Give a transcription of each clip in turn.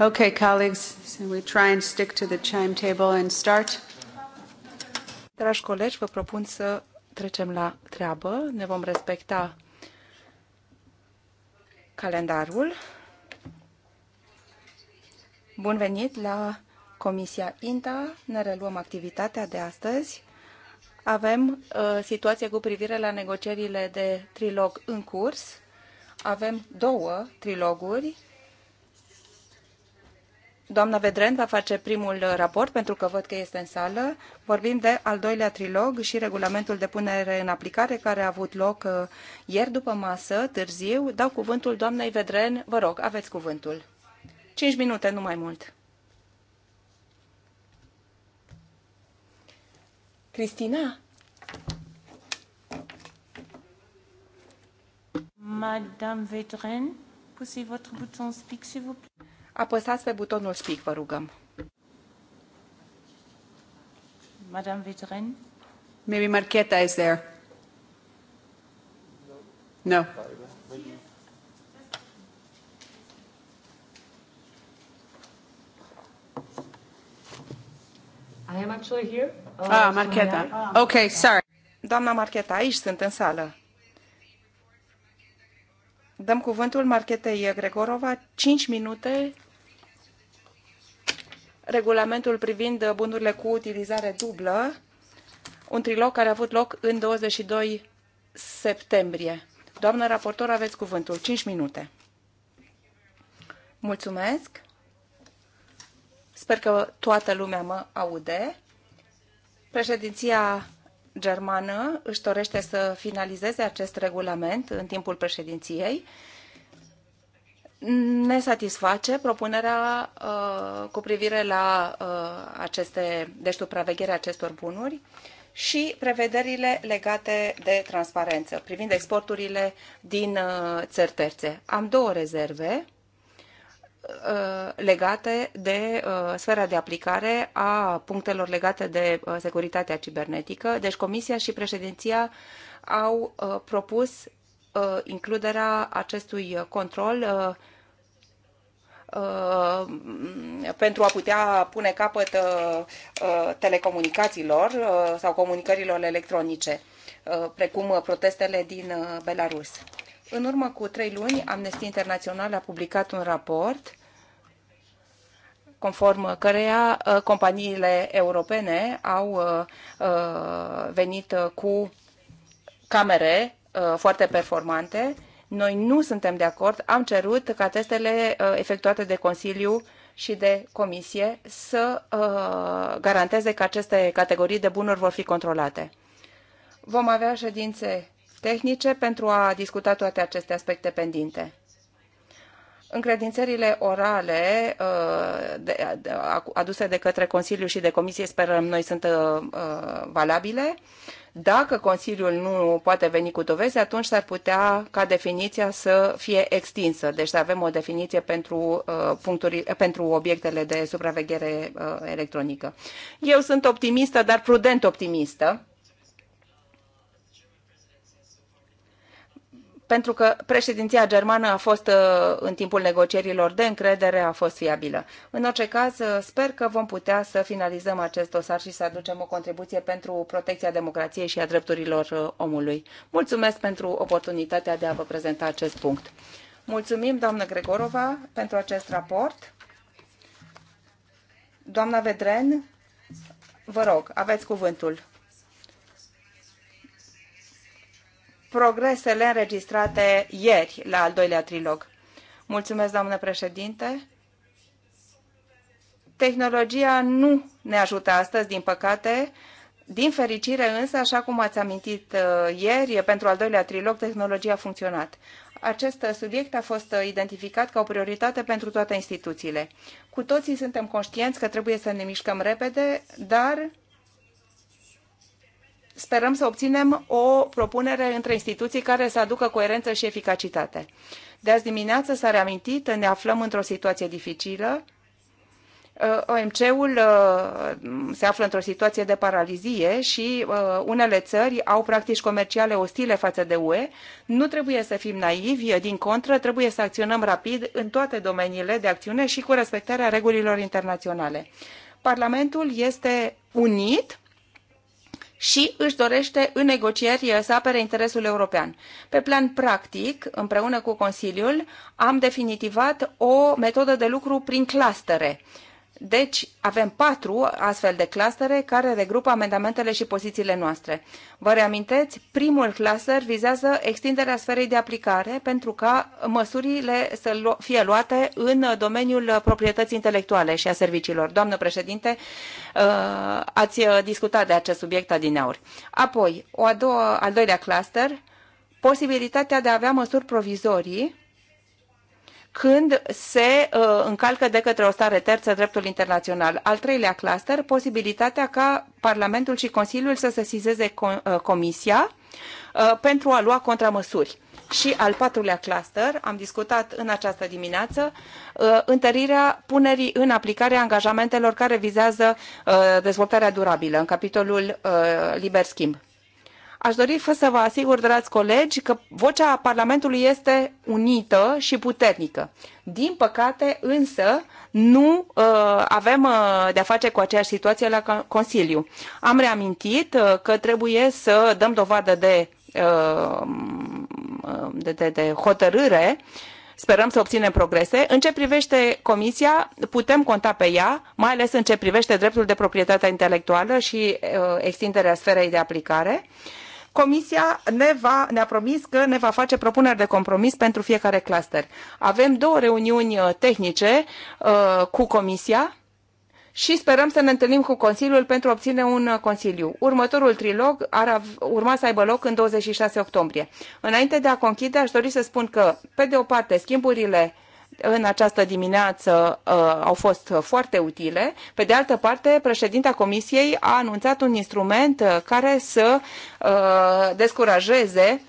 Okay, colleagues, so we try and stick to the timetable and start. Dragi colegi, vă propun să trecem la treabă. Ne vom respecta calendarul. Bun venit la Comisia INTA. Ne reluăm activitatea de astăzi. Avem uh, situație cu privire la negocierile de trilog în curs avem două triloguri. Doamna Vedren va face primul raport, pentru că văd că este în sală. Vorbim de al doilea trilog și regulamentul de punere în aplicare, care a avut loc uh, ieri după masă, târziu. Dau cuvântul doamnei Vedren. Vă rog, aveți cuvântul. Cinci minute, nu mai mult. Cristina? Madame Vedren, votre bouton speak, s'il vous plaît. Apăsați pe butonul speak, vă rugăm. Madame Vedren? Maybe Marchetta is there. No. no. I am actually here. Oh, ah, Marchetta. Ah. Okay, sorry. Doamna Marchetta, aici sunt în sală. Dăm cuvântul Marchetei Gregorova, 5 minute, regulamentul privind bunurile cu utilizare dublă, un trilog care a avut loc în 22 septembrie. Doamnă raportor, aveți cuvântul. 5 minute. Mulțumesc. Sper că toată lumea mă aude. Președinția germană își dorește să finalizeze acest regulament în timpul președinției. Ne satisface propunerea uh, cu privire la uh, aceste, deci supravegherea acestor bunuri și prevederile legate de transparență privind exporturile din uh, țări terțe. Am două rezerve Uh, legate de uh, sfera de aplicare a punctelor legate de uh, securitatea cibernetică. Deci Comisia și președinția au propus includerea acestui control pentru a putea pune capăt telecomunicațiilor sau comunicărilor electronice, precum protestele din Belarus. În urmă cu trei luni, Amnesty International a publicat un raport conform căreia uh, companiile europene au uh, uh, venit cu camere foarte performante. Noi nu suntem de acord. Am cerut ca testele efectuate de Consiliu și de Comisie să garanteze că aceste categorii de bunuri vor fi controlate. Vom avea ședințe tehnice pentru a discuta toate aceste aspecte pendinte. Încredințările orale uh, aduse de către Consiliu și de Comisie, sperăm noi, sunt uh, uh, valabile. Dacă Consiliul nu poate veni cu dovezi, atunci s-ar putea ca definiția să fie extinsă. Deci să avem o definiție pentru, puncturi, pentru obiectele de supraveghere electronică. Eu sunt optimistă, dar prudent optimistă pentru că președinția germană a fost uh, în timpul negocierilor de încredere, a fost fiabilă. În orice caz, uh, sper că vom putea să finalizăm acest dosar și să aducem o contribuție pentru protecția democrației și a drepturilor uh, omului. Mulțumesc pentru oportunitatea de a vă prezenta acest punct. Mulțumim, doamnă Gregorova, pentru acest raport. Doamna Vedren, vă rog, aveți cuvântul. progresele înregistrate ieri la al doilea trilog. Mulțumesc, doamnă președinte. Tehnologia nu ne ajută astăzi, din păcate. Din fericire însă, așa cum ați amintit uh, ieri, pentru al doilea trilog, tehnologia a funcționat. Acest subiect a fost identificat ca o prioritate pentru toate instituțiile. Cu toții suntem conștienți că trebuie să ne mișcăm repede, dar sperăm să obținem o propunere între instituții care să aducă coerență și eficacitate. De azi dimineață s-a reamintit, ne aflăm într-o situație dificilă. Uh, OMC-ul uh, se află într-o situație de paralizie și uh, unele țări au practici comerciale ostile față de UE. Nu trebuie să fim naivi, din contră, trebuie să acționăm rapid în toate domeniile de acțiune și cu respectarea regulilor internaționale. Parlamentul este unit și își dorește în negocieri uh, să apere interesul european. Pe plan practic, împreună cu Consiliul, am definitivat o metodă de lucru prin clustere deci, avem patru astfel de clustere care regrupă amendamentele și pozițiile noastre. Vă reaminteți? Primul cluster vizează extinderea sferei de aplicare pentru ca măsurile să fie luate în domeniul proprietății intelectuale și a serviciilor. Doamnă președinte, uh, ați discutat de acest subiect adineauri. Apoi, o a doua, al doilea cluster, posibilitatea de a avea măsuri provizorii când se uh, încalcă de către o stare terță dreptul internațional. Al treilea cluster, posibilitatea ca Parlamentul și Consiliul să sesizeze com uh, Comisia uh, pentru a lua contramăsuri. Și al patrulea cluster, am discutat în această dimineață, uh, întărirea punerii în aplicare a angajamentelor care vizează uh, dezvoltarea durabilă în capitolul uh, liber schimb. Aș dori să vă asigur, dragi colegi, că vocea Parlamentului este unită și puternică. Din păcate, însă, nu uh, avem uh, de-a face cu aceeași situație la Consiliu. Am reamintit uh, că trebuie să dăm dovadă de, uh, de, de, de hotărâre Sperăm să obținem progrese. În ce privește Comisia, putem conta pe ea, mai ales în ce privește dreptul de proprietate intelectuală și uh, extinderea sferei de aplicare. Uh, Comisia ne va, ne-a promis că ne va face propuneri de compromis pentru fiecare cluster. Avem două reuniuni uh, tehnice uh, cu Comisia și sperăm să ne întâlnim cu Consiliul pentru a obține un uh, Consiliu. Următorul trilog ar urma să aibă loc în 26 octombrie. Înainte de a conchide, aș dori să spun că, pe de o parte, schimburile în această dimineață uh, au fost foarte utile. Pe de altă parte, președinta Comisiei a anunțat un instrument uh, care să uh, descurajeze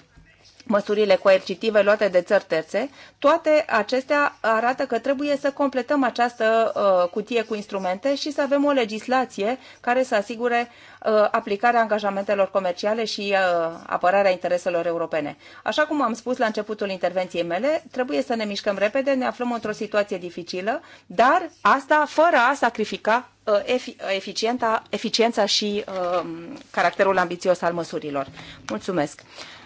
măsurile coercitive luate de țări terțe, toate acestea arată că trebuie să completăm această uh, cutie cu instrumente și să avem o legislație care să asigure uh, aplicarea angajamentelor comerciale și uh, apărarea intereselor europene. Așa cum am spus la începutul intervenției mele, trebuie să ne mișcăm repede, ne aflăm într-o situație dificilă, dar asta fără a sacrifica uh, eficiența, eficiența și uh, caracterul ambițios al măsurilor. Mulțumesc!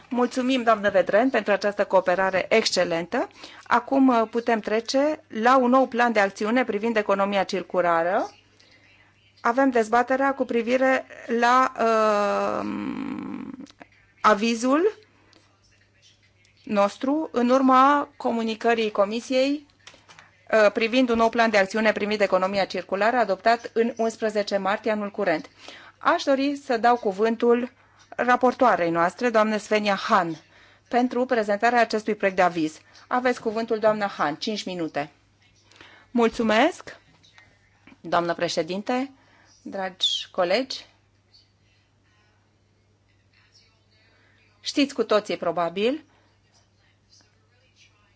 Mulțumim, doamnă Vedren, pentru această cooperare excelentă. Acum uh, putem trece la un nou plan de acțiune privind economia circulară. Avem dezbaterea cu privire la uh, avizul nostru în urma comunicării Comisiei uh, privind un nou plan de acțiune primit de economia circulară adoptat în 11 martie anul curent. Aș dori să dau cuvântul raportoarei noastre, doamne Svenia Han, pentru prezentarea acestui proiect de aviz. Aveți cuvântul, doamna Han, 5 minute. Mulțumesc, doamnă președinte, dragi colegi. Știți cu toții, probabil,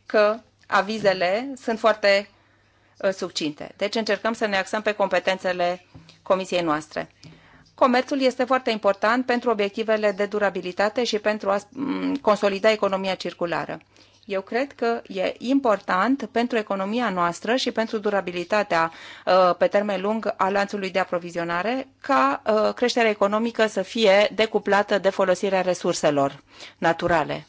că avizele sunt foarte uh, succinte. Deci încercăm să ne axăm pe competențele comisiei noastre comerțul este foarte important pentru obiectivele de durabilitate și pentru a consolida economia circulară. Eu cred că e important pentru economia noastră și pentru durabilitatea uh, pe termen lung a lanțului de aprovizionare ca uh, creșterea economică să fie decuplată de folosirea resurselor naturale.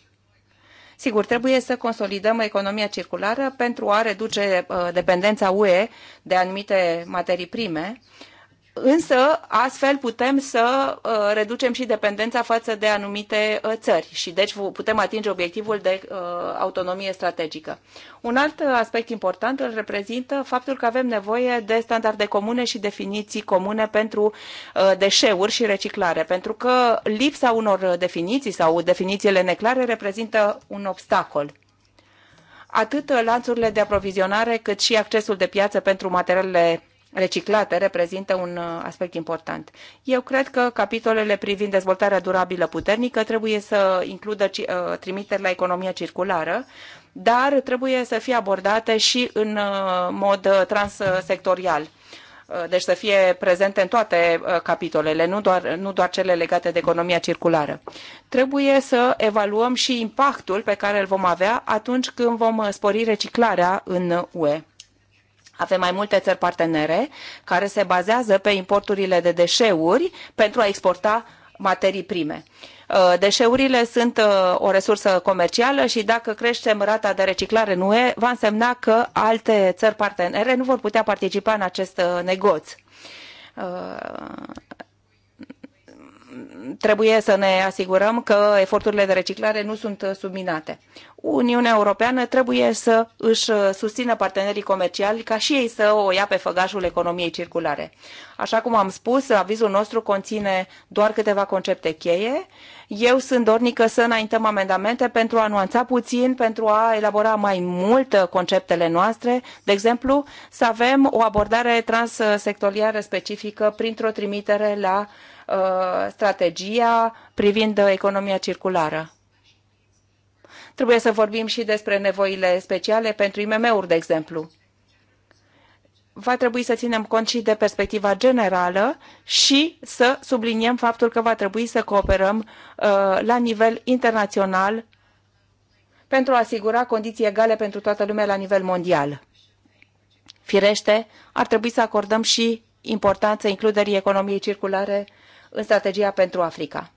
Sigur, trebuie să consolidăm economia circulară pentru a reduce uh, dependența UE de anumite materii prime, Însă, astfel putem să uh, reducem și dependența față de anumite uh, țări și deci putem atinge obiectivul de uh, autonomie strategică. Un alt aspect important îl reprezintă faptul că avem nevoie de standarde comune și definiții comune pentru deșeuri și reciclare, pentru că lipsa unor definiții sau definițiile neclare reprezintă un obstacol atât lanțurile de aprovizionare cât și accesul de piață pentru materialele reciclate reprezintă un uh, aspect important. Eu cred că capitolele privind dezvoltarea durabilă puternică trebuie să includă uh, trimiteri la economia circulară, dar trebuie să fie abordate și în uh, mod transsectorial. Deci să fie prezente în toate capitolele, nu doar, nu doar cele legate de economia circulară. Trebuie să evaluăm și impactul pe care îl vom avea atunci când vom spori reciclarea în UE avem mai multe țări partenere care se bazează pe importurile de deșeuri pentru a exporta materii prime. Uh, deșeurile sunt uh, o resursă comercială și dacă creștem rata de reciclare în UE, va însemna că alte țări partenere nu vor putea participa în acest uh, negoț trebuie să ne asigurăm că eforturile de reciclare nu sunt subminate. Uniunea Europeană trebuie să își susțină partenerii comerciali ca și ei să o ia pe făgașul economiei circulare. Așa cum am spus, avizul nostru conține doar câteva concepte cheie. Eu sunt dornică să înaintăm amendamente pentru a nuanța puțin, pentru a elabora mai mult conceptele noastre, de exemplu, să avem o abordare transsectorială specifică printr-o trimitere la uh, Uh, strategia privind economia circulară. Trebuie să vorbim și despre nevoile speciale pentru IMM-uri, de exemplu. Va trebui să ținem cont și de perspectiva generală și să subliniem faptul că va trebui să cooperăm uh, la nivel internațional pentru a asigura condiții egale pentru toată lumea la nivel mondial. Firește, ar trebui să acordăm și importanță includerii economiei circulare în strategia pentru Africa.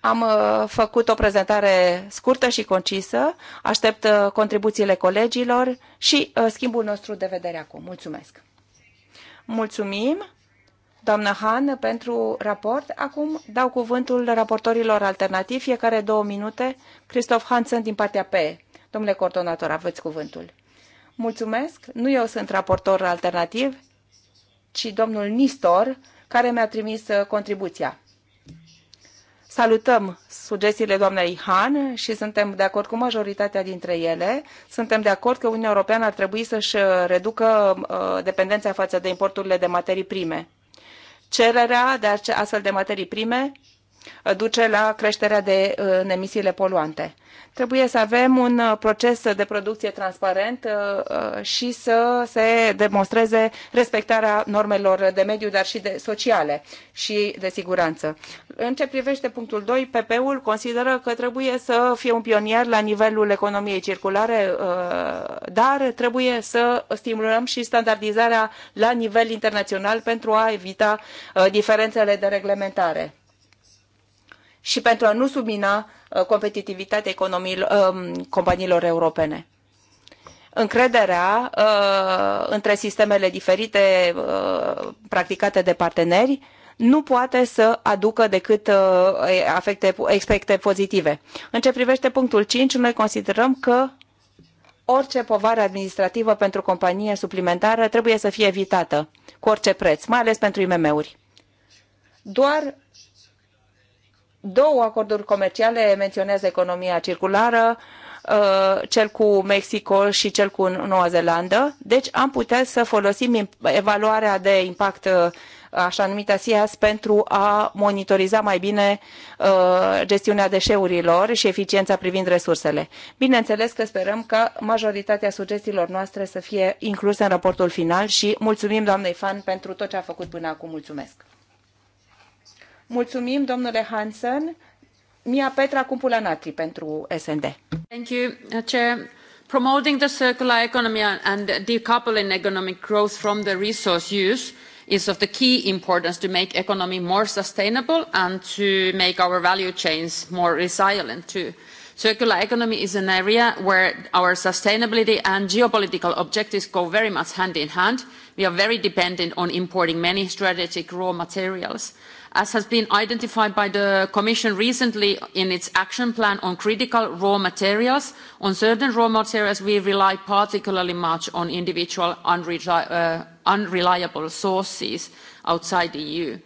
Am uh, făcut o prezentare scurtă și concisă, aștept uh, contribuțiile colegilor și uh, schimbul nostru de vedere acum. Mulțumesc! Mulțumim, doamnă Han, pentru raport. Acum dau cuvântul raportorilor alternativi, fiecare două minute. Christoph Hansen din partea PE. Domnule coordonator, aveți cuvântul. Mulțumesc. Nu eu sunt raportor alternativ, ci domnul Nistor, care mi-a trimis uh, contribuția. Salutăm sugestiile doamnei Han și suntem de acord cu majoritatea dintre ele. Suntem de acord că Uniunea Europeană ar trebui să-și uh, reducă uh, dependența față de importurile de materii prime. Cererea de astfel de materii prime duce la creșterea de, uh, în emisiile poluante. Trebuie să avem un uh, proces de producție transparent uh, și să se demonstreze respectarea normelor de mediu, dar și de sociale și de siguranță. În ce privește punctul 2, PP-ul consideră că trebuie să fie un pionier la nivelul economiei circulare, dar trebuie să stimulăm și standardizarea la nivel internațional pentru a evita diferențele de reglementare și pentru a nu submina uh, competitivitatea um, companiilor europene. Încrederea uh, între sistemele diferite uh, practicate de parteneri nu poate să aducă decât efecte pozitive. În ce privește punctul 5, noi considerăm că orice povară administrativă pentru companie suplimentară trebuie să fie evitată cu orice preț, mai ales pentru IMM-uri. Doar două acorduri comerciale menționează economia circulară, uh, cel cu Mexico și cel cu Noua Zeelandă. Deci am putea să folosim evaluarea de impact uh, așa numită SIAS pentru a monitoriza mai bine uh, gestiunea deșeurilor și eficiența privind resursele. Bineînțeles că sperăm ca majoritatea sugestiilor noastre să fie incluse în raportul final și mulțumim doamnei Fan pentru tot ce a făcut până acum. Mulțumesc! Mulțumim, domnule Hansen. Mia Petra Cumpula pentru SND. Thank you, uh, Chair. Promoting the circular economy and decoupling economic growth from the resource use is of the key importance to make economy more sustainable and to make our value chains more resilient too. Circular economy is an area where our sustainability and geopolitical objectives go very much hand in hand. We are very dependent on importing many strategic raw materials as has been identified by the Commission recently in its action plan on critical raw materials. On certain raw materials, we rely particularly much on individual uh, unreliable sources outside the EU.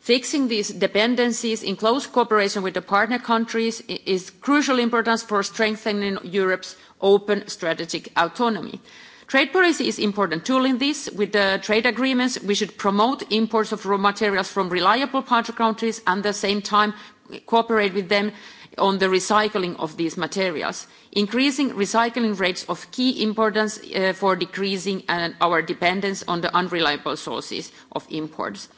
Fixing these dependencies in close cooperation with the partner countries is crucial importance for strengthening Europe's open strategic autonomy. Trade policy is important tool in this. With the trade agreements, we should promote imports of raw materials from reliable partner countries and at the same time cooperate with them on the recycling of these materials. Increasing recycling rates of key importance uh, for decreasing uh, our dependence on the unreliable sources of imports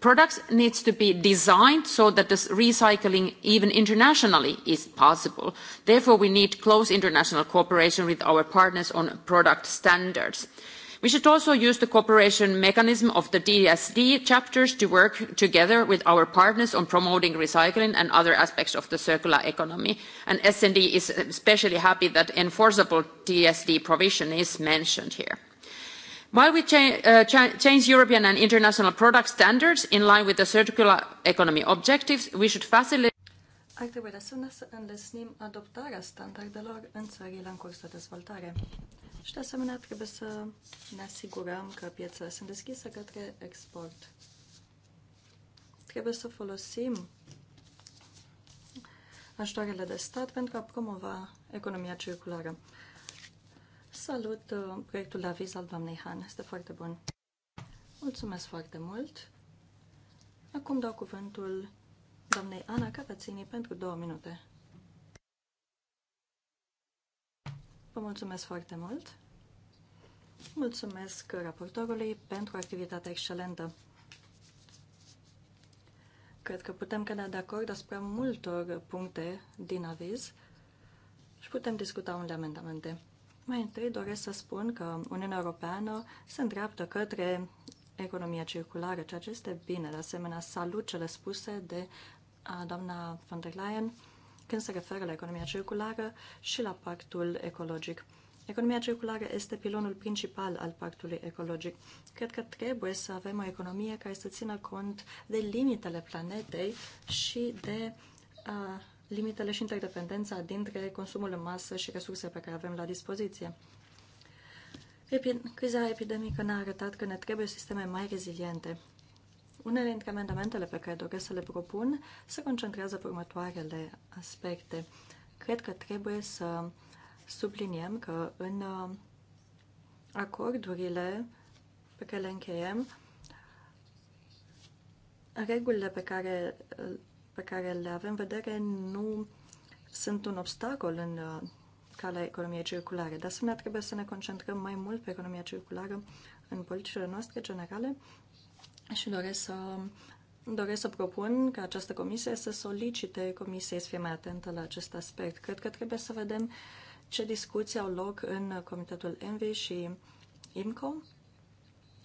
products needs to be designed so that this recycling even internationally is possible. Therefore, we need close international cooperation with our partners on product standards. We should also use the cooperation mechanism of the DSD chapters to work together with our partners on promoting recycling and other aspects of the circular economy. And S&D is especially happy that enforceable DSD provision is mentioned here. While we uh, change European and international product standards in line with the circular economy objectives, we should facilitate ar trebui de asemenea să înlesnim adoptarea standardelor în țările în curs de dezvoltare. Și de asemenea trebuie să ne asigurăm că piețele sunt deschise către export. Trebuie să folosim ajutoarele de stat pentru a promova economia circulară. Salut uh, proiectul de aviz al doamnei Han. Este foarte bun. Mulțumesc foarte mult. Acum dau cuvântul doamnei Ana Cavațini pentru două minute. Vă mulțumesc foarte mult. Mulțumesc raportorului pentru activitatea excelentă. Cred că putem cădea de acord asupra multor puncte din aviz și putem discuta unele amendamente. Mai întâi doresc să spun că Uniunea Europeană se îndreaptă către economia circulară, ceea ce este bine. De asemenea, salut cele spuse de doamna von der Leyen când se referă la economia circulară și la pactul ecologic. Economia circulară este pilonul principal al pactului ecologic. Cred că trebuie să avem o economie care să țină cont de limitele planetei și de uh, limitele și interdependența dintre consumul în masă și resurse pe care avem la dispoziție. Epi criza epidemică ne-a arătat că ne trebuie sisteme mai reziliente. Unele dintre amendamentele pe care doresc să le propun se concentrează pe următoarele aspecte. Cred că trebuie să subliniem că în uh, acordurile pe care le încheiem, regulile pe care uh, pe care le avem în vedere nu sunt un obstacol în uh, calea economiei circulare. De asemenea, trebuie să ne concentrăm mai mult pe economia circulară în politicile noastre generale și doresc să, doresc să propun ca această comisie să solicite comisiei să fie mai atentă la acest aspect. Cred că trebuie să vedem ce discuții au loc în Comitetul Envi și IMCO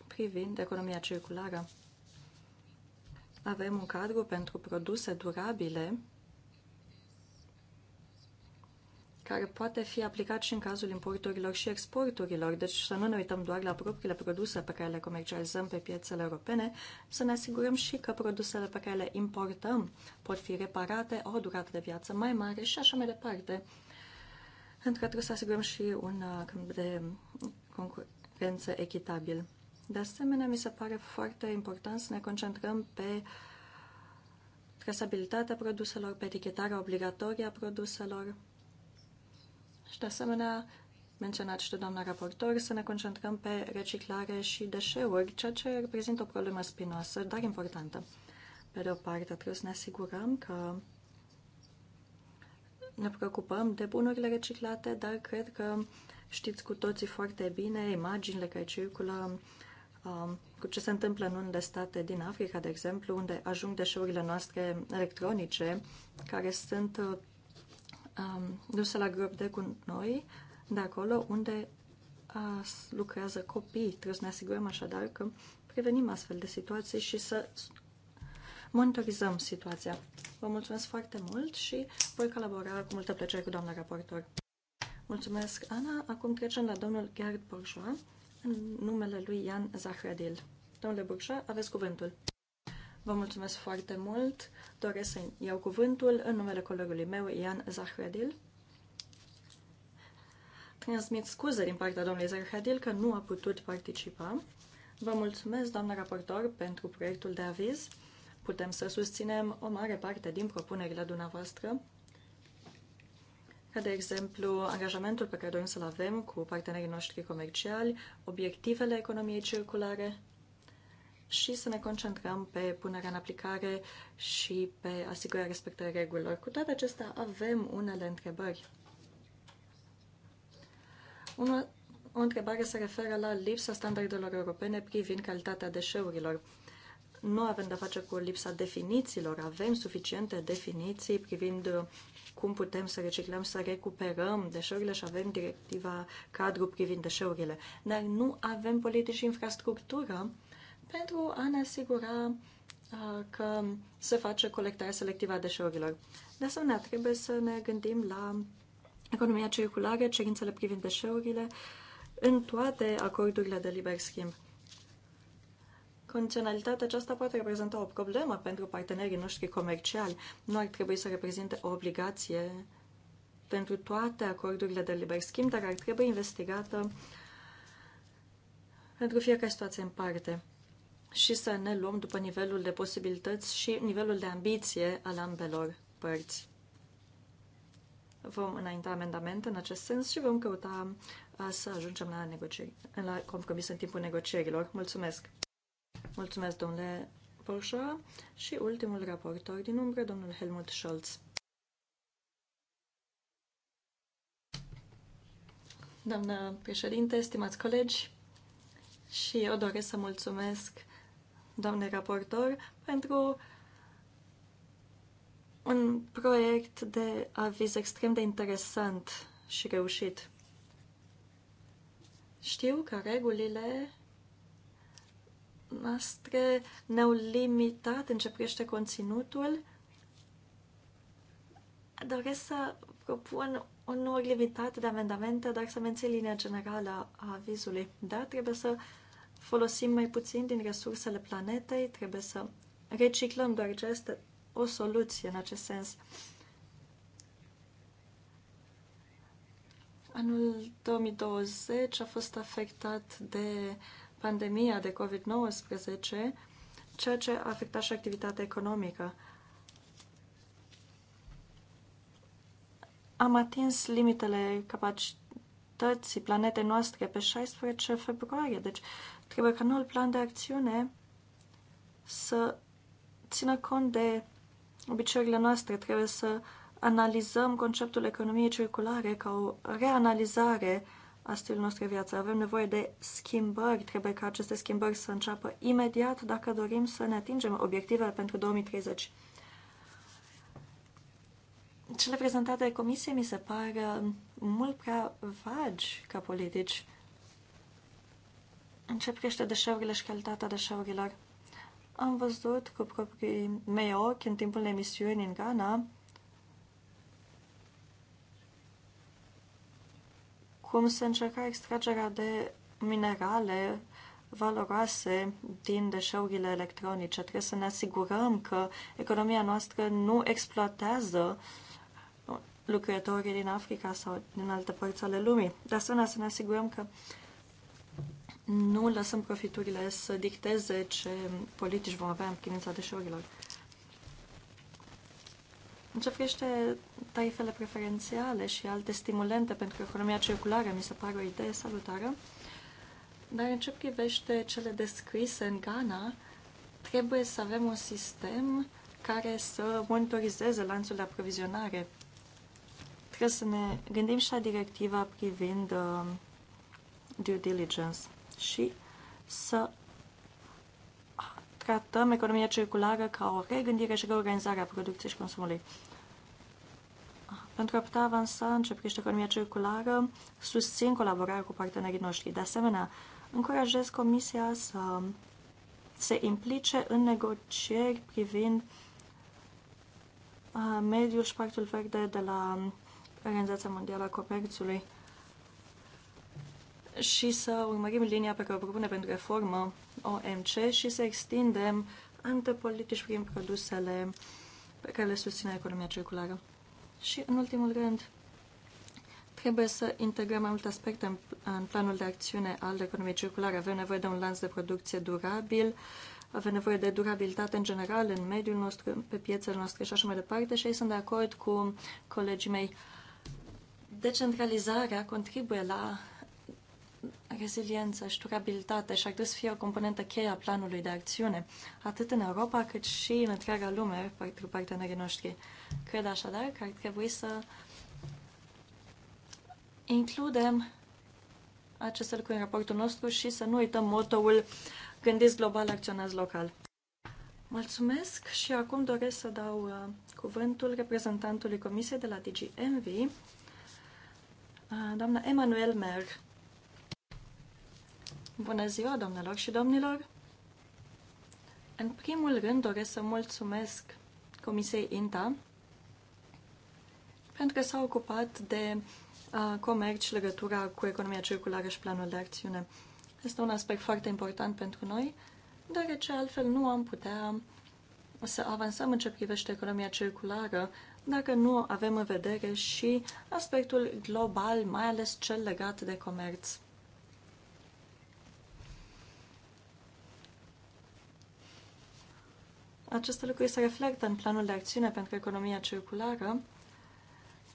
privind economia circulară avem un cadru pentru produse durabile care poate fi aplicat și în cazul importurilor și exporturilor, deci să nu ne uităm doar la propriile produse pe care le comercializăm pe piețele europene, să ne asigurăm și că produsele pe care le importăm pot fi reparate, o durată de viață mai mare și așa mai departe. Pentru că trebuie să asigurăm și un uh, de concurență echitabil. De asemenea, mi se pare foarte important să ne concentrăm pe trasabilitatea produselor, pe etichetarea obligatorie a produselor și, de asemenea, menționat și de doamna raportor, să ne concentrăm pe reciclare și deșeuri, ceea ce reprezintă o problemă spinoasă, dar importantă. Pe de o parte, trebuie să ne asigurăm că ne preocupăm de bunurile reciclate, dar cred că știți cu toții foarte bine imaginile care circulă Um, cu ce se întâmplă în unele state din Africa, de exemplu, unde ajung deșeurile noastre electronice, care sunt uh, um, duse la grup de cu noi, de acolo unde uh, lucrează copii. Trebuie să ne asigurăm așadar că prevenim astfel de situații și să monitorizăm situația. Vă mulțumesc foarte mult și voi colabora cu multă plăcere cu doamna raportor. Mulțumesc, Ana. Acum trecem la domnul Gerd Bourgeois în numele lui Ian Zahradil. Domnule Burșa, aveți cuvântul. Vă mulțumesc foarte mult. Doresc să iau cuvântul în numele colegului meu, Ian Zahradil. Transmit scuze din partea domnului Zahradil că nu a putut participa. Vă mulțumesc, doamnă raportor, pentru proiectul de aviz. Putem să susținem o mare parte din propunerile dumneavoastră ca de exemplu angajamentul pe care dorim să-l avem cu partenerii noștri comerciali, obiectivele economiei circulare și să ne concentrăm pe punerea în aplicare și pe asigurarea respectării regulilor. Cu toate acestea, avem unele întrebări. Una, o întrebare se referă la lipsa standardelor europene privind calitatea deșeurilor nu avem de-a face cu lipsa definițiilor. Avem suficiente definiții privind cum putem să reciclăm, să recuperăm deșeurile și avem directiva cadru privind deșeurile. Dar nu avem politici și infrastructură pentru a ne asigura că se face colectarea selectivă a deșeurilor. De asemenea, trebuie să ne gândim la economia circulară, cerințele privind deșeurile, în toate acordurile de liber schimb. Condiționalitatea aceasta poate reprezenta o problemă pentru partenerii noștri comerciali. Nu ar trebui să reprezinte o obligație pentru toate acordurile de liber schimb, dar ar trebui investigată pentru fiecare situație în parte și să ne luăm după nivelul de posibilități și nivelul de ambiție al ambelor părți. Vom înainta amendamente în acest sens și vom căuta uh, să ajungem la, negocieri, la compromis în timpul negocierilor. Mulțumesc! Mulțumesc, domnule Borșoa. Și ultimul raportor din umbră, domnul Helmut Scholz. Doamnă președinte, stimați colegi, și eu doresc să mulțumesc doamne raportor pentru un proiect de aviz extrem de interesant și reușit. Știu că regulile noastre ne-au limitat în ce privește conținutul. Doresc să propun un număr limitat de amendamente, dar să menții linia generală a avizului. Da, trebuie să folosim mai puțin din resursele planetei, trebuie să reciclăm, doar ce este o soluție în acest sens. Anul 2020 a fost afectat de pandemia de COVID-19, ceea ce afectat și activitatea economică. Am atins limitele capacității planetei noastre pe 16 februarie, deci trebuie ca noul plan de acțiune să țină cont de obiceiurile noastre, trebuie să analizăm conceptul economiei circulare ca o reanalizare a stilului nostru de viață. Avem nevoie de schimbări, trebuie ca aceste schimbări să înceapă imediat dacă dorim să ne atingem obiectivele pentru 2030. Cele prezentate de comisie mi se par uh, mult prea vagi ca politici. În ce privește deșeurile și calitatea deșeurilor, am văzut cu proprii mei ochi în timpul emisiunii în Ghana cum se încerca extragerea de minerale valoroase din deșeurile electronice. Trebuie să ne asigurăm că economia noastră nu exploatează lucrătorii din Africa sau din alte părți ale lumii. De asemenea, să ne asigurăm că nu lăsăm profiturile să dicteze ce politici vom avea în privința deșeurilor. În ce privește tarifele preferențiale și alte stimulente pentru economia circulară, mi se pare o idee salutară, dar în ce privește cele descrise în Ghana, trebuie să avem un sistem care să monitorizeze lanțul de aprovizionare. Trebuie să ne gândim și la directiva privind uh, due diligence și să tratăm economia circulară ca o regândire și reorganizare a producției și consumului. Pentru a putea avansa în ce privește economia circulară, susțin colaborarea cu partenerii noștri. De asemenea, încurajez Comisia să se implice în negocieri privind uh, mediul și pactul verde de la Organizația Mondială a Comerțului și să urmărim linia pe care o propune pentru reformă OMC și să extindem alte politici prin produsele pe care le susține economia circulară. Și, în ultimul rând, trebuie să integrăm mai multe aspecte în, în planul de acțiune al economiei circulare. Avem nevoie de un lanț de producție durabil, avem nevoie de durabilitate în general în mediul nostru, pe piețele noastre și așa mai departe și aici sunt de acord cu colegii mei. Decentralizarea contribuie la reziliență și durabilitate și ar trebui să fie o componentă cheie a planului de acțiune, atât în Europa cât și în întreaga lume pentru partenerii noștri. Cred așadar că ar trebui să includem aceste lucruri în raportul nostru și să nu uităm motoul Gândiți global, acționați local. Mulțumesc și acum doresc să dau uh, cuvântul reprezentantului Comisiei de la DG uh, doamna Emanuel Merg. Bună ziua, domnilor și domnilor! În primul rând doresc să mulțumesc Comisiei INTA pentru că s-a ocupat de uh, comerț și legătura cu economia circulară și planul de acțiune. Este un aspect foarte important pentru noi, deoarece altfel nu am putea să avansăm în ce privește economia circulară dacă nu avem în vedere și aspectul global, mai ales cel legat de comerț. Aceste lucruri se reflectă în planul de acțiune pentru economia circulară,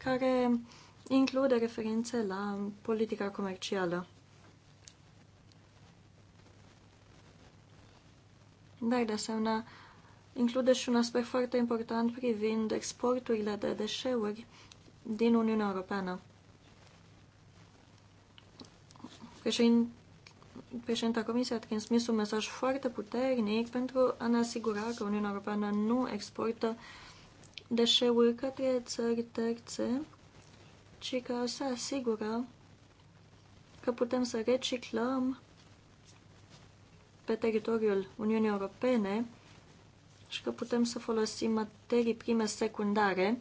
care include referințe la politica comercială. Dar, de asemenea, include și un aspect foarte important privind exporturile de deșeuri din Uniunea Europeană. Președin, președinta Comisiei a transmis un mesaj foarte puternic pentru a ne asigura că Uniunea Europeană nu exportă deșeuri către țări terțe, ci că se asigură că putem să reciclăm pe teritoriul Uniunii Europene și că putem să folosim materii prime secundare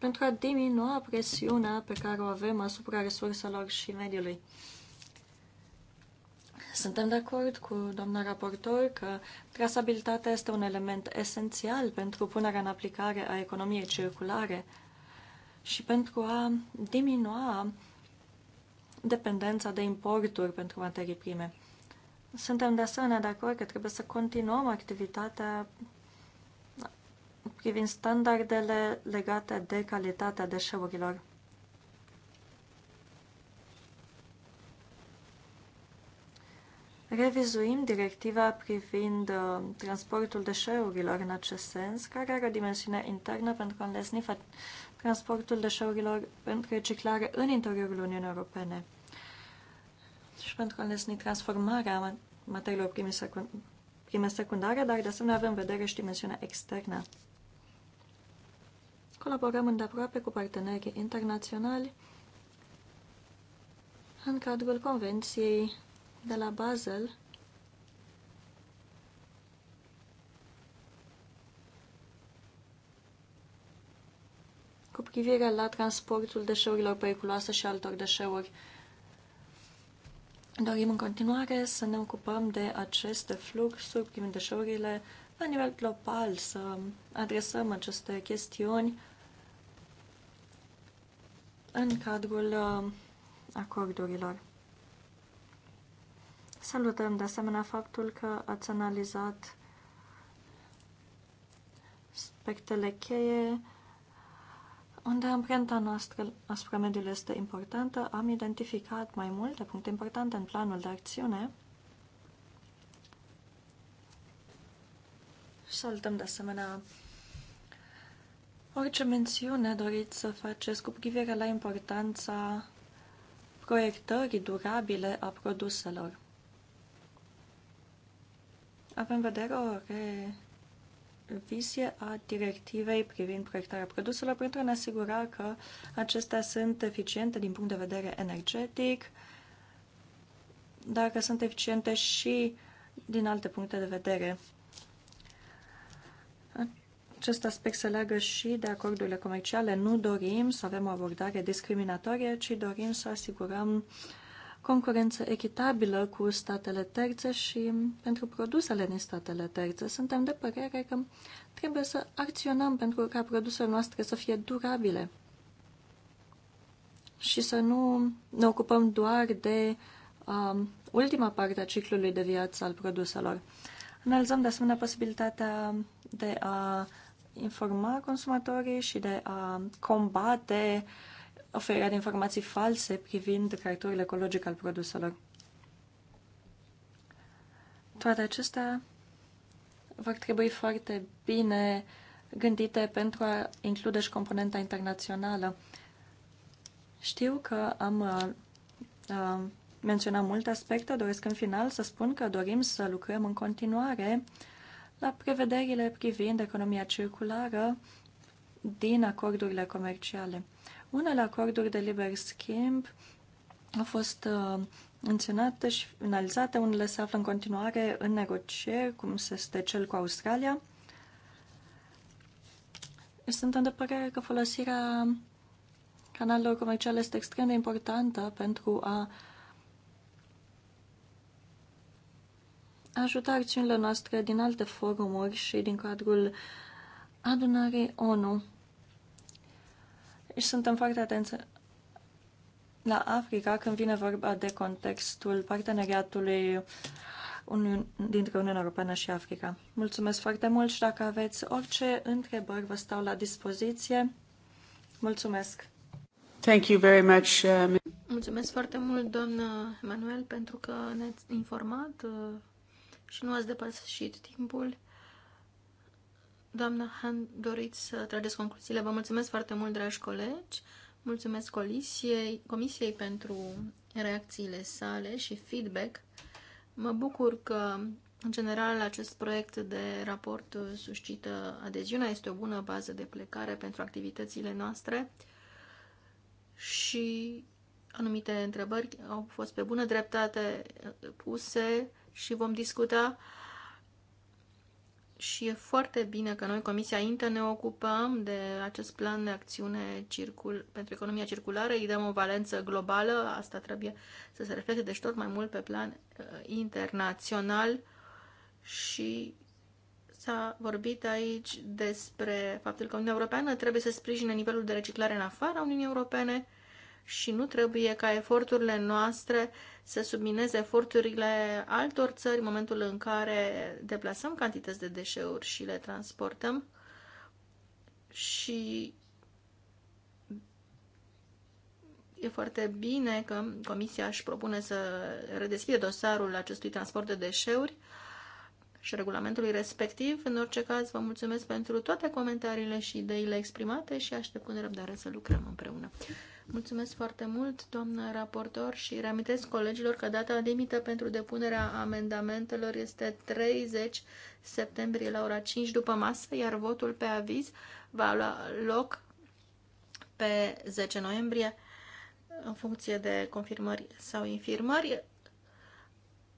pentru a diminua presiunea pe care o avem asupra resurselor și mediului. Suntem de acord cu doamna raportor că trasabilitatea este un element esențial pentru punerea în aplicare a economiei circulare și pentru a diminua dependența de importuri pentru materii prime. Suntem de asemenea de acord că trebuie să continuăm activitatea privind standardele legate de calitatea deșeurilor. Revizuim directiva privind uh, transportul deșeurilor în acest sens, care are o dimensiune internă pentru a înlesni transportul deșeurilor în reciclare în interiorul Uniunii Europene și pentru a înlesni transformarea materiilor prime secundare, dar de asemenea avem în vedere și dimensiunea externă Colaborăm îndeaproape cu partenerii internaționali în cadrul Convenției de la Basel cu privire la transportul deșeurilor periculoase și altor deșeuri. Dorim în continuare să ne ocupăm de aceste fluxuri privind deșeurile la nivel global, să adresăm aceste chestiuni în cadrul uh, acordurilor. Salutăm de asemenea faptul că ați analizat aspectele cheie unde amprenta noastră asupra mediului este importantă. Am identificat mai multe puncte importante în planul de acțiune. Salutăm de asemenea Orice mențiune doriți să faceți cu privire la importanța proiectării durabile a produselor. Avem vedere o revizie a directivei privind proiectarea produselor pentru a ne asigura că acestea sunt eficiente din punct de vedere energetic, dar că sunt eficiente și din alte puncte de vedere. Acest aspect se leagă și de acordurile comerciale. Nu dorim să avem o abordare discriminatorie, ci dorim să asigurăm concurență echitabilă cu statele terțe și pentru produsele din statele terțe. Suntem de părere că trebuie să acționăm pentru ca produsele noastre să fie durabile și să nu ne ocupăm doar de um, ultima parte a ciclului de viață al produselor. Analizăm de asemenea posibilitatea de a informa consumatorii și de a combate oferirea de informații false privind caracterul ecologic al produselor. Toate acestea vor trebui foarte bine gândite pentru a include și componenta internațională. Știu că am uh, uh menționat multe aspecte, doresc în final să spun că dorim să lucrăm în continuare uh, la prevederile privind economia circulară din acordurile comerciale. Unele acorduri de liber schimb au fost menționate uh, și finalizate, unele se află în continuare în negocieri, cum se este cel cu Australia. Sunt de părere că folosirea canalelor comerciale este extrem de importantă pentru a ajuta acțiunile noastre din alte forumuri și din cadrul adunării ONU. Și suntem foarte atenți la Africa când vine vorba de contextul parteneriatului Uniun, dintre Uniunea Europeană și Africa. Mulțumesc foarte mult și dacă aveți orice întrebări, vă stau la dispoziție. Mulțumesc! Thank you very much. Uh, Mulțumesc foarte mult, doamnă Emanuel, pentru că ne-ați informat uh, și nu ați depășit timpul. Doamna Han, doriți să trageți concluziile. Vă mulțumesc foarte mult, dragi colegi. Mulțumesc comisiei, comisiei pentru reacțiile sale și feedback. Mă bucur că, în general, acest proiect de raport suscită adeziunea. Este o bună bază de plecare pentru activitățile noastre și anumite întrebări au fost pe bună dreptate puse și vom discuta și e foarte bine că noi, Comisia INTE, ne ocupăm de acest plan de acțiune circul, pentru economia circulară, îi dăm o valență globală, asta trebuie să se reflecte, deci tot mai mult pe plan uh, internațional și s-a vorbit aici despre faptul că Uniunea Europeană trebuie să sprijine nivelul de reciclare în afara Uniunii Europene, și nu trebuie ca eforturile noastre să submineze eforturile altor țări în momentul în care deplasăm cantități de deșeuri și le transportăm și e foarte bine că Comisia își propune să redeschide dosarul acestui transport de deșeuri și regulamentului respectiv. În orice caz, vă mulțumesc pentru toate comentariile și ideile exprimate și aștept cu nerăbdare să lucrăm împreună. Mulțumesc foarte mult, doamnă raportor, și reamintesc colegilor că data limită pentru depunerea amendamentelor este 30 septembrie la ora 5 după masă, iar votul pe aviz va lua loc pe 10 noiembrie în funcție de confirmări sau infirmări.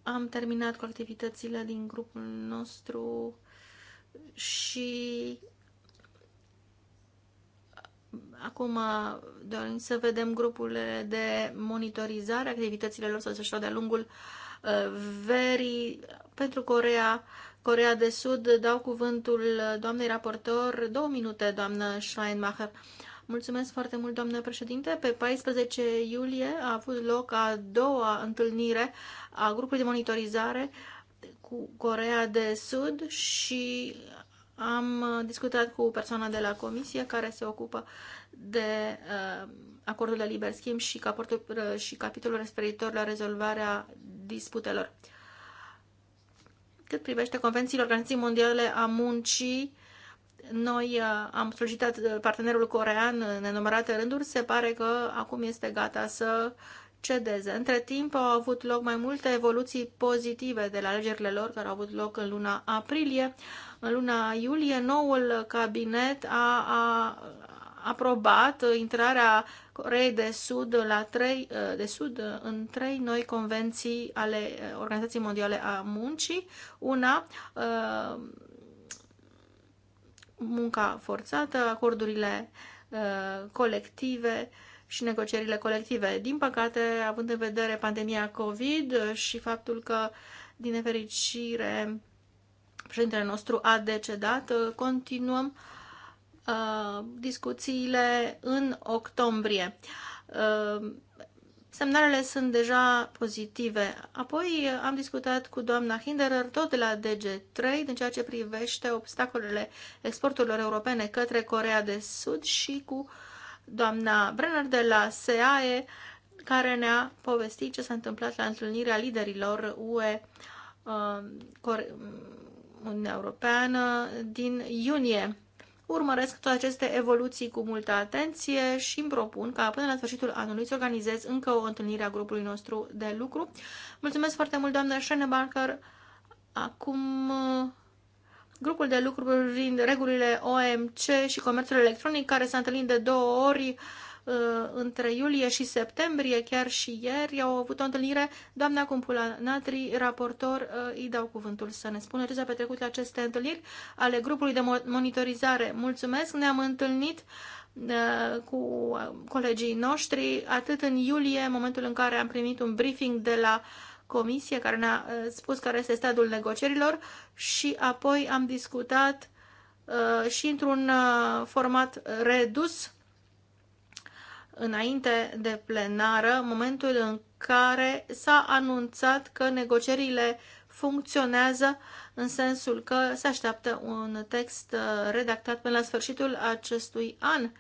Am terminat cu activitățile din grupul nostru și Acum dorim să vedem grupurile de monitorizare, activitățile lor să se de-a lungul uh, verii. Pentru Corea, Corea de Sud, dau cuvântul doamnei raportor. Două minute, doamnă Schleinmacher. Mulțumesc foarte mult, doamnă președinte. Pe 14 iulie a avut loc a doua întâlnire a grupului de monitorizare cu Corea de Sud și am uh, discutat cu persoana de la comisie care se ocupă de uh, acordul de liber schimb și, caportul, uh, și capitolul referitor la rezolvarea disputelor. Cât privește convențiile Organizației Mondiale a Muncii, noi uh, am solicitat uh, partenerul corean în nenumărate rânduri. Se pare că acum este gata să uh, cedeze. Între timp au avut loc mai multe evoluții pozitive de la alegerile lor care au avut loc în luna aprilie. În luna iulie, noul cabinet a, a aprobat intrarea Coreei de Sud, la trei, de Sud în trei noi convenții ale Organizației Mondiale a Muncii. Una, ă, munca forțată, acordurile ă, colective, și negocierile colective. Din păcate, având în vedere pandemia COVID și faptul că, din nefericire, președintele nostru a decedat, continuăm uh, discuțiile în octombrie. Uh, semnalele sunt deja pozitive. Apoi am discutat cu doamna Hinderer, tot de la DG3, în ceea ce privește obstacolele exporturilor europene către Corea de Sud și cu uh, doamna Brenner de la SEAE, care ne-a povestit ce s-a întâmplat la întâlnirea liderilor UE um, Uniunea Europeană din iunie. Urmăresc toate aceste evoluții cu multă atenție și îmi propun ca până la sfârșitul anului să organizez încă o întâlnire a grupului nostru de lucru. Mulțumesc foarte mult, doamna Schenebarker. Acum grupul de lucru privind regulile OMC și comerțul electronic, care s-a întâlnit de două ori uh, între iulie și septembrie, chiar și ieri, au avut o întâlnire. Doamna Cumpula Natri, raportor, uh, îi dau cuvântul să ne spună ce s-a petrecut la aceste întâlniri ale grupului de monitorizare. Mulțumesc, ne-am întâlnit uh, cu colegii noștri, atât în iulie, momentul în care am primit un briefing de la uh, comisie care ne-a uh, spus care este stadiul negocierilor și apoi am discutat uh, și într-un uh, format redus înainte de plenară, momentul în care s-a anunțat că negocierile funcționează în sensul că se așteaptă un text redactat până la sfârșitul acestui an.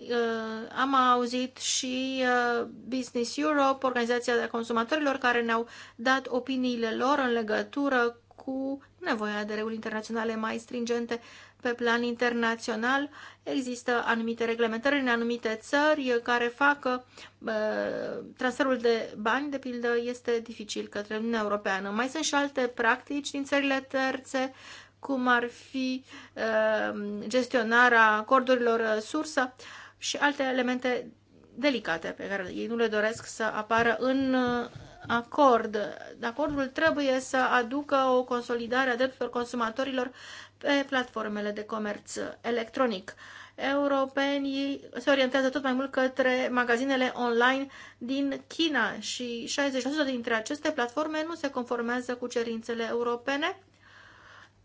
Uh, am auzit și uh, Business Europe, Organizația de Consumatorilor, care ne-au dat opiniile lor în legătură cu nevoia de reguli internaționale mai stringente pe plan internațional. Există anumite reglementări în anumite țări care fac uh, transferul de bani, de pildă, este dificil către Uniunea Europeană. Mai sunt și alte practici din țările terțe, cum ar fi gestionarea acordurilor sursă, și alte elemente delicate pe care ei nu le doresc să apară în uh, acord. Acordul trebuie să aducă o consolidare a drepturilor consumatorilor pe platformele de comerț electronic. Europenii se orientează tot mai mult către magazinele online din China și 60% dintre aceste platforme nu se conformează cu cerințele europene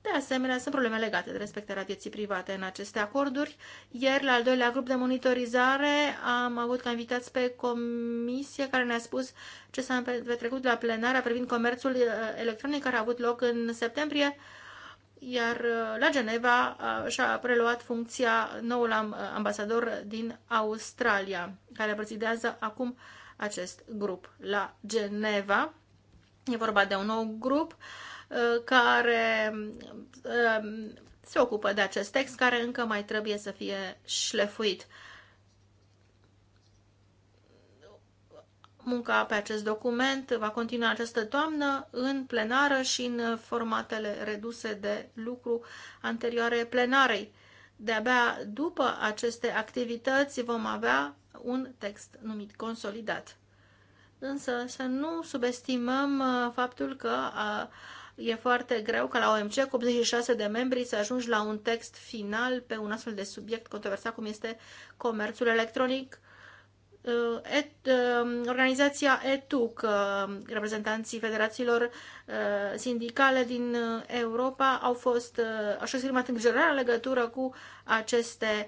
de asemenea, sunt probleme legate de respectarea vieții private în aceste acorduri. Ieri, la al doilea grup de monitorizare, am avut ca invitați pe comisie care ne-a spus ce s-a petrecut la plenarea privind comerțul uh, electronic care a avut loc în septembrie, iar uh, la Geneva uh, și-a preluat funcția noul ambasador din Australia, care prezidează acum acest grup la Geneva. E vorba de un nou grup uh, Uh, care um, se ocupă de acest text, care încă mai trebuie să fie șlefuit. Munca pe acest document va continua această toamnă în plenară și în formatele reduse de lucru anterioare plenarei. De-abia după aceste activități vom avea un text numit consolidat. Însă să nu subestimăm uh, faptul că uh, E foarte greu ca la OMC cu 86 de membri să ajungi la un text final pe un astfel de subiect controversat cum este comerțul electronic. Uh, et, uh, organizația ETUC, reprezentanții federațiilor uh, sindicale din Europa, au fost, au în general în legătură cu aceste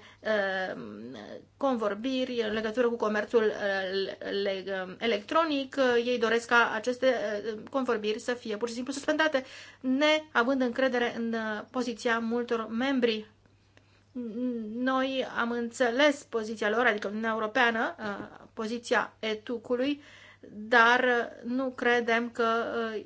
convorbiri, în legătură cu comerțul electronic. Ei doresc ca aceste convorbiri să fie pur și simplu suspendate, neavând încredere în poziția multor membri noi am înțeles poziția lor, adică Uniunea Europeană, uh, poziția etucului, dar uh, nu credem că uh,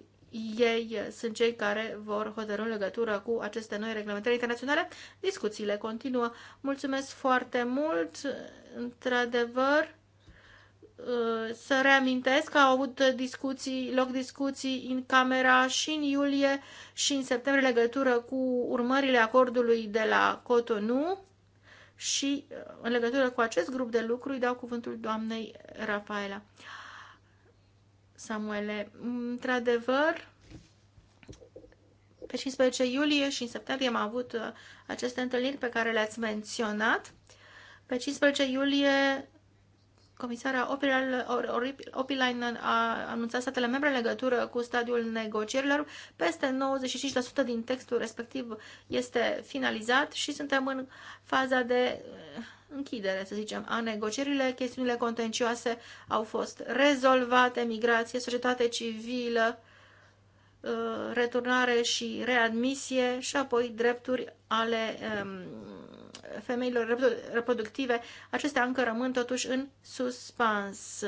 ei sunt cei care vor hotărâ în legătură cu aceste noi reglementări internaționale. Discuțiile continuă. Mulțumesc foarte mult. Într-adevăr, Uh, să reamintesc că au avut discuții, loc discuții în camera și în iulie și în septembrie legătură cu urmările acordului de la Cotonou și uh, în legătură cu acest grup de lucru îi dau cuvântul doamnei Rafaela. Samuele, într-adevăr, pe 15 iulie și în septembrie am avut uh, aceste întâlniri pe care le-ați menționat. Pe 15 iulie Comisara Opilainen a anunțat statele membre în legătură cu stadiul negocierilor. Peste 95% din textul respectiv este finalizat și suntem în faza de eh, închidere, să zicem, a negocierile. Chestiunile contencioase au fost rezolvate, migrație, societate civilă, eh, returnare și readmisie și apoi drepturi ale femeilor reproductive, acestea încă rămân totuși în suspans.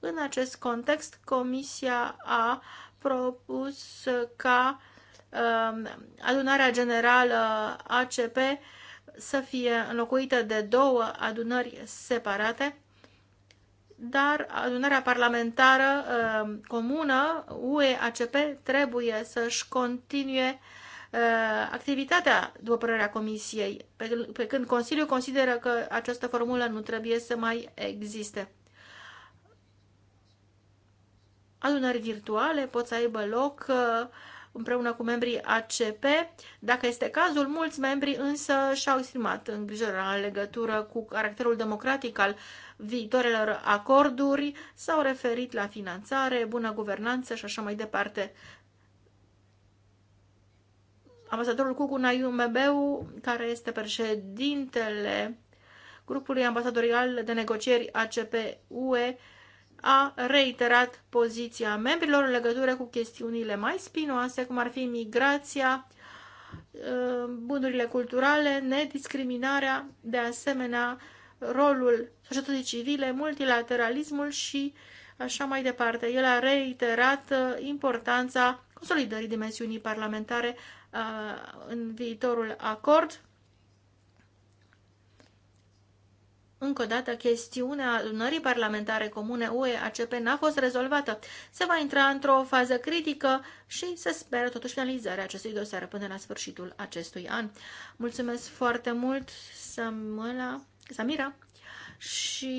În acest context, Comisia a propus ca um, adunarea generală ACP să fie înlocuită de două adunări separate, dar adunarea parlamentară um, comună UE-ACP trebuie să-și continue uh, Uh, activitatea, după părerea Comisiei, pe, pe când Consiliul consideră că această formulă nu trebuie să mai existe. Adunări virtuale pot să aibă loc uh, împreună cu membrii ACP. Dacă este cazul, mulți membri însă și-au exprimat îngrijorarea în legătură cu caracterul democratic al viitorelor acorduri, s-au referit la finanțare, bună guvernanță și așa mai departe ambasadorul Naiu Mebeu, care este președintele grupului ambasadorial de negocieri ACP-UE, a reiterat poziția membrilor în legătură cu chestiunile mai spinoase, cum ar fi migrația, bunurile culturale, nediscriminarea, de asemenea rolul societății civile, multilateralismul și așa mai departe. El a reiterat importanța consolidării dimensiunii parlamentare Uh, în viitorul acord. Încă o dată, chestiunea adunării parlamentare comune UE-ACP n-a fost rezolvată. Se va intra într-o fază critică și se speră totuși finalizarea acestui dosar până la sfârșitul acestui an. Mulțumesc foarte mult, Samuela, Samira, și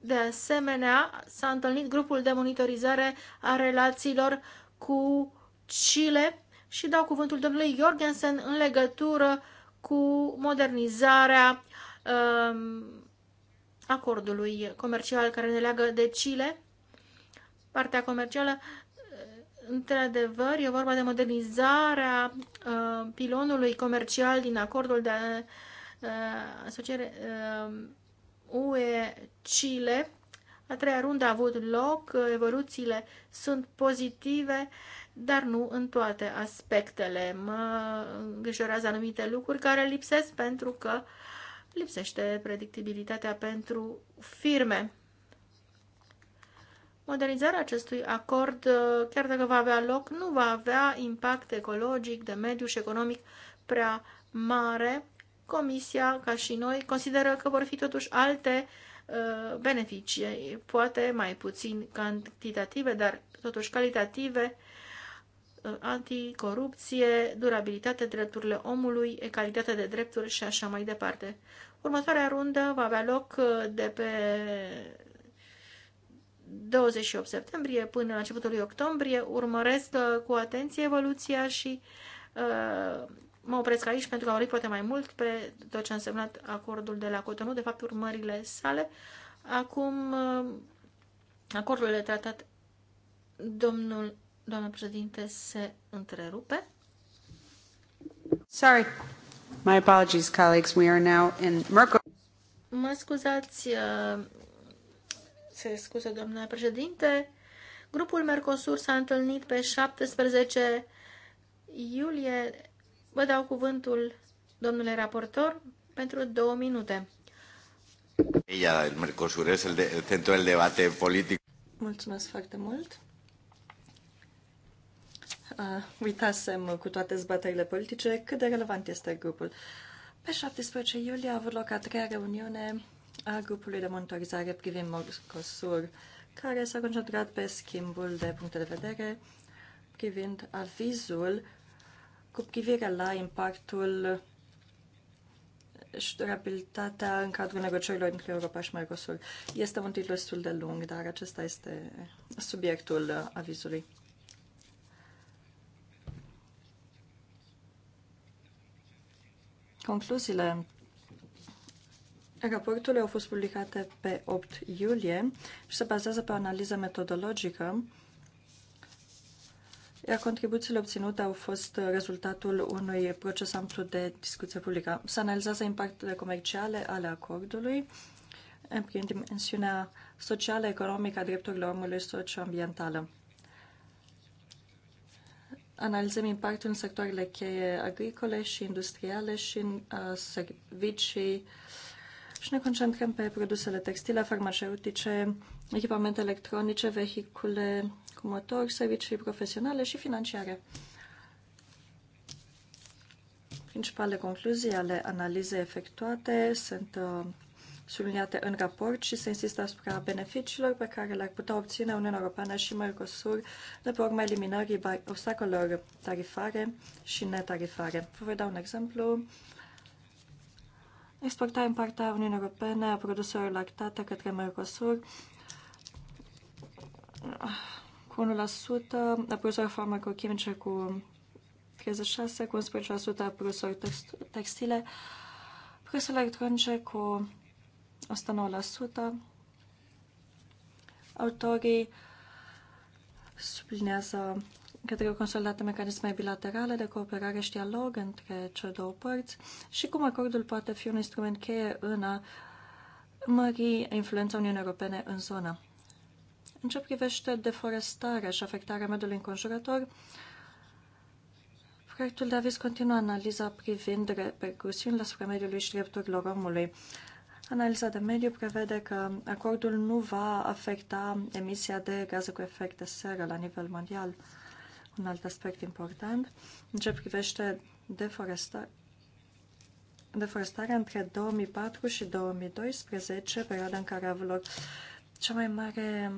de asemenea s-a întâlnit grupul de monitorizare a relațiilor cu Chile și dau cuvântul domnului Jorgensen în legătură cu modernizarea um, acordului comercial care ne leagă de Chile. Partea comercială, într-adevăr, e vorba de modernizarea uh, pilonului comercial din acordul de uh, asociere uh, um, UE-Chile. A treia rundă a avut loc, evoluțiile sunt pozitive. Uh, dar nu în toate aspectele. Mă îngrijorează anumite lucruri care lipsesc pentru că lipsește predictibilitatea pentru firme. Modernizarea acestui acord, chiar dacă va avea loc, nu va avea impact ecologic, de mediu și economic prea mare. Comisia, ca și noi, consideră că vor fi totuși alte uh, beneficii, poate mai puțin cantitative, dar totuși calitative, anticorupție, durabilitate, drepturile omului, egalitate de drepturi și așa mai departe. Următoarea rundă va avea loc uh, de pe 28 septembrie până la începutul lui octombrie. Urmăresc uh, cu atenție evoluția și uh, mă opresc aici pentru că am poate mai mult pe tot ce a însemnat acordul de la Cotonou, de fapt urmările sale. Acum, uh, acordul de tratat domnul Doamna președinte se întrerupe. Sorry. My apologies, colleagues. We are now in Merco. Mă scuzați, uh, se scuze doamna președinte. Grupul Mercosur s-a întâlnit pe 17 iulie. Vă dau cuvântul, domnule raportor, pentru două minute. Ella, el Mercosur, este el de, centro del debate politic. Mulțumesc foarte mult uitasem cu toate zbaterile politice cât de relevant este grupul. Pe 17 iulie a avut loc a treia reuniune a grupului de monitorizare privind Mercosur, care s-a concentrat pe schimbul de puncte de vedere privind avizul cu privire la impactul și durabilitatea în cadrul negocierilor între Europa și Mercosur. Este un titlu destul de lung, dar acesta este subiectul avizului. Concluziile raportului au fost publicate pe 8 iulie și se bazează pe o analiză metodologică, iar contribuțiile obținute au fost rezultatul unui proces amplu de discuție publică. Se analizează impactele comerciale ale acordului, prin dimensiunea socială, economică a drepturilor omului socio socioambientală analizăm impactul în sectoarele cheie agricole și industriale și în uh, servicii și ne concentrăm pe produsele textile, farmaceutice, echipamente electronice, vehicule cu motor, servicii profesionale și financiare. Principale concluzii ale analizei efectuate sunt uh, subliniate în raport și să insistă asupra beneficiilor pe care le-ar putea obține Uniunea Europeană și Mercosur de pe urma eliminării obstacolelor tarifare și netarifare. Vă voi da un exemplu. Exportarea în partea Uniunii Europene a produselor lactate către Mercosur cu 1%, a produselor farmacochimice cu 36, cu 11% a produselor textile, produselor electronice cu 109%. Autorii sublinează că trebuie consolidate mecanisme bilaterale de cooperare și dialog între cele două părți și cum acordul poate fi un instrument cheie în a mări influența Uniunii Europene în zonă. În ce privește deforestarea și afectarea mediului înconjurător, proiectul de aviz continuă analiza privind repercusiunile asupra mediului și drepturilor omului. Analiza de mediu prevede că acordul nu va afecta emisia de gaze cu efect de seră la nivel mondial. Un alt aspect important în ce privește deforesta- deforestarea între 2004 și 2012, perioada în care a avut loc cea mai mare,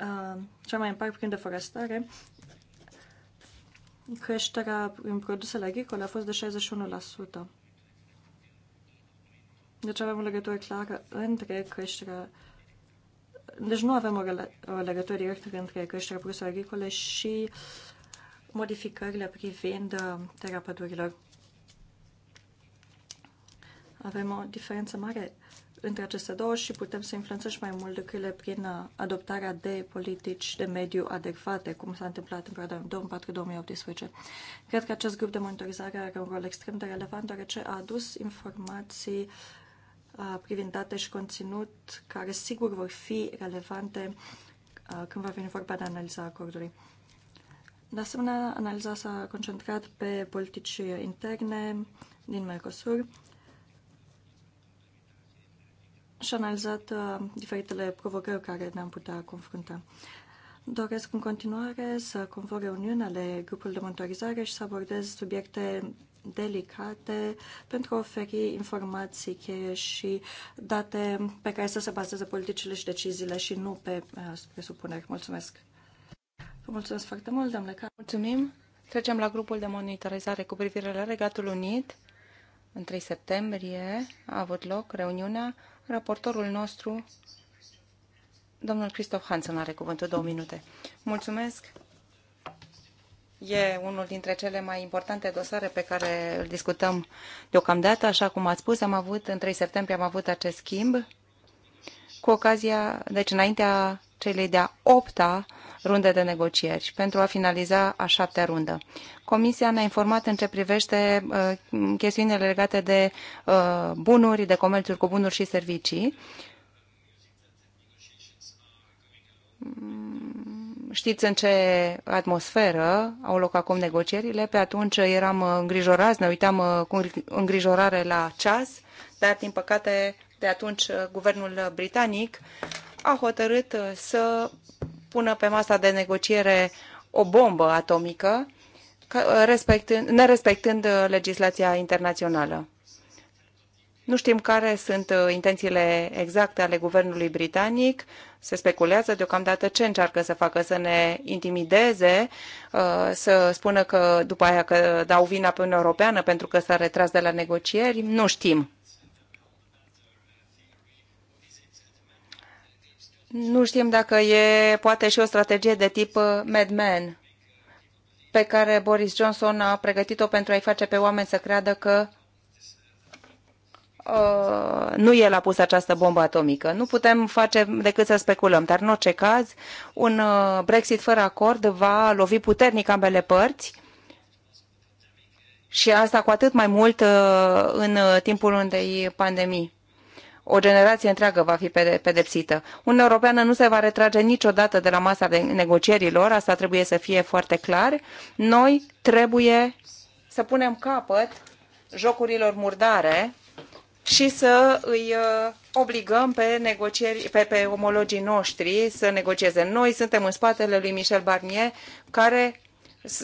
uh, cea mai impact prin deforestare, creșterea în produsele agricole a fost de 61%. Deci avem o legătură clară între creșterea deci nu avem o, o legătură directă între creșterea produselor agricole și modificările privind uh, tăierea pădurilor. Avem o diferență mare între aceste două și putem să influențăm și mai mult lucrurile ele prin uh, adoptarea de politici de mediu adecvate, cum s-a întâmplat în perioada 2004-2018. Cred că acest grup de monitorizare are un rol extrem de relevant, deoarece a adus informații uh, privind date și conținut care sigur vor fi relevante când va veni vorba de analiza acordului. De asemenea, analiza s-a concentrat pe politici interne din Mercosur și a analizat diferitele provocări care ne-am putea confrunta. Doresc în continuare să convoc Uniunea, ale grupului de monitorizare și să abordez subiecte delicate pentru a oferi informații cheie și date pe care să se bazeze politicile și deciziile și nu pe uh, presupuneri. Mulțumesc! Vă mulțumesc foarte mult, domnule Car. Mulțumim! Trecem la grupul de monitorizare cu privire la Regatul Unit. În 3 septembrie a avut loc reuniunea. Raportorul nostru, domnul Christoph Hansen, are cuvântul două minute. Mulțumesc! E unul dintre cele mai importante dosare pe care îl discutăm deocamdată. Așa cum ați spus, am avut, în 3 septembrie am avut acest schimb cu ocazia, deci înaintea celei de-a opta runde de negocieri pentru a finaliza a șaptea rundă. Comisia ne-a informat în ce privește uh, chestiunile legate de uh, bunuri, de comerțul cu bunuri și servicii știți în ce atmosferă au loc acum negocierile. Pe atunci eram îngrijorați, ne uitam uh, cu îngrijorare la ceas, dar din păcate de atunci uh, guvernul britanic a hotărât uh, să pună pe masa de negociere o bombă atomică, respectând, nerespectând legislația internațională. Nu știm care sunt uh, intențiile exacte ale guvernului britanic. Se speculează deocamdată ce încearcă să facă, să ne intimideze, uh, să spună că după aia că dau vina pe Uniunea Europeană pentru că s-a retras de la negocieri. Nu știm. Nu știm dacă e poate și o strategie de tip uh, madman pe care Boris Johnson a pregătit-o pentru a-i face pe oameni să creadă că Uh, nu el a pus această bombă atomică. Nu putem face decât să speculăm, dar în orice caz, un uh, Brexit fără acord va lovi puternic ambele părți și asta cu atât mai mult uh, în timpul unei pandemii. O generație întreagă va fi pedepsită. Un european nu se va retrage niciodată de la masa de negocierilor, asta trebuie să fie foarte clar. Noi trebuie să punem capăt jocurilor murdare și să îi uh, obligăm pe, negocieri, pe, pe omologii noștri să negocieze. Noi suntem în spatele lui Michel Barnier, care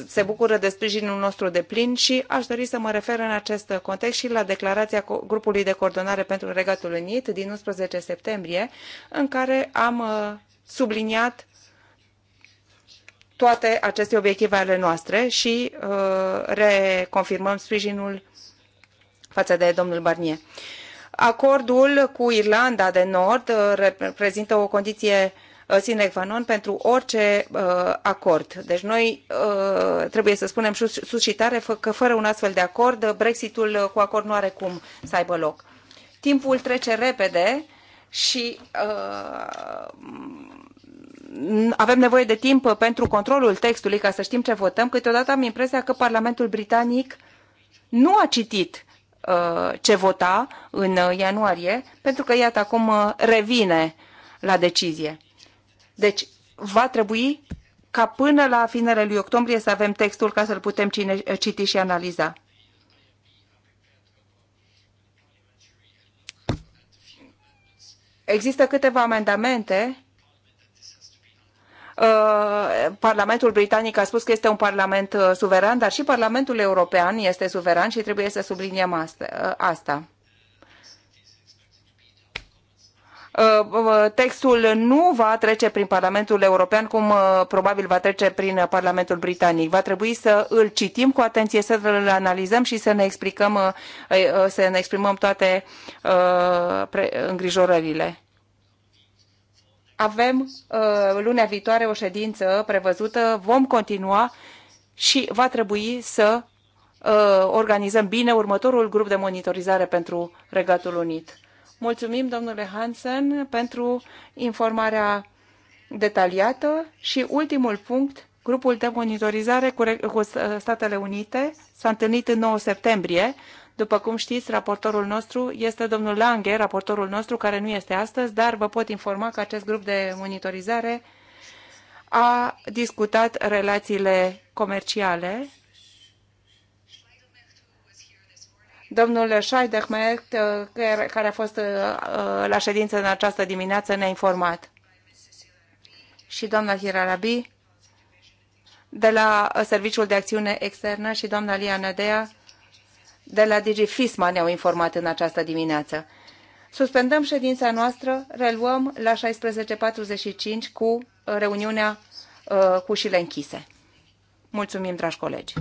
se bucură de sprijinul nostru de plin și aș dori să mă refer în acest context și la declarația grupului de coordonare pentru Regatul Unit din 11 septembrie, în care am uh, subliniat toate aceste obiective ale noastre și uh, reconfirmăm sprijinul față de domnul Barnier. Acordul cu Irlanda de Nord uh, reprezintă o condiție uh, sine qua non pentru orice uh, acord. Deci noi uh, trebuie să spunem sus, sus și tare că fără un astfel de acord, uh, Brexitul cu acord nu are cum să aibă loc. Timpul trece repede și uh, avem nevoie de timp pentru controlul textului ca să știm ce votăm. Câteodată am impresia că Parlamentul Britanic nu a citit Uh, ce vota în uh, ianuarie, pentru că iată acum uh, revine la decizie. Deci va trebui ca până la finele lui octombrie să avem textul ca să-l putem cine, citi și analiza. Există câteva amendamente Uh, Parlamentul Britanic a spus că este un parlament uh, suveran, dar și Parlamentul European este suveran și trebuie să subliniem uh, asta. textul nu va trece prin Parlamentul European, cum probabil va trece prin Parlamentul Britanic. Va trebui să îl citim cu atenție, să îl analizăm și să ne, explicăm, să ne exprimăm toate îngrijorările avem uh, lunea viitoare o ședință prevăzută, vom continua și va trebui să uh, organizăm bine următorul grup de monitorizare pentru Regatul Unit. Mulțumim, domnule Hansen, pentru informarea detaliată și ultimul punct, grupul de monitorizare cu, Statele Unite s-a întâlnit în 9 septembrie după cum știți, raportorul nostru este domnul Lange, raportorul nostru care nu este astăzi, dar vă pot informa că acest grup de monitorizare a discutat relațiile comerciale. Domnul Scheidegmert, uh, care a fost uh, uh, la ședință în această dimineață, ne-a informat. Și doamna Hirarabi, de la Serviciul de Acțiune Externă și doamna Lia Nedea, de la DigiFisma ne-au informat în această dimineață. Suspendăm ședința noastră, reluăm la 16.45 cu uh, reuniunea uh, cu ușile închise. Mulțumim, dragi colegi!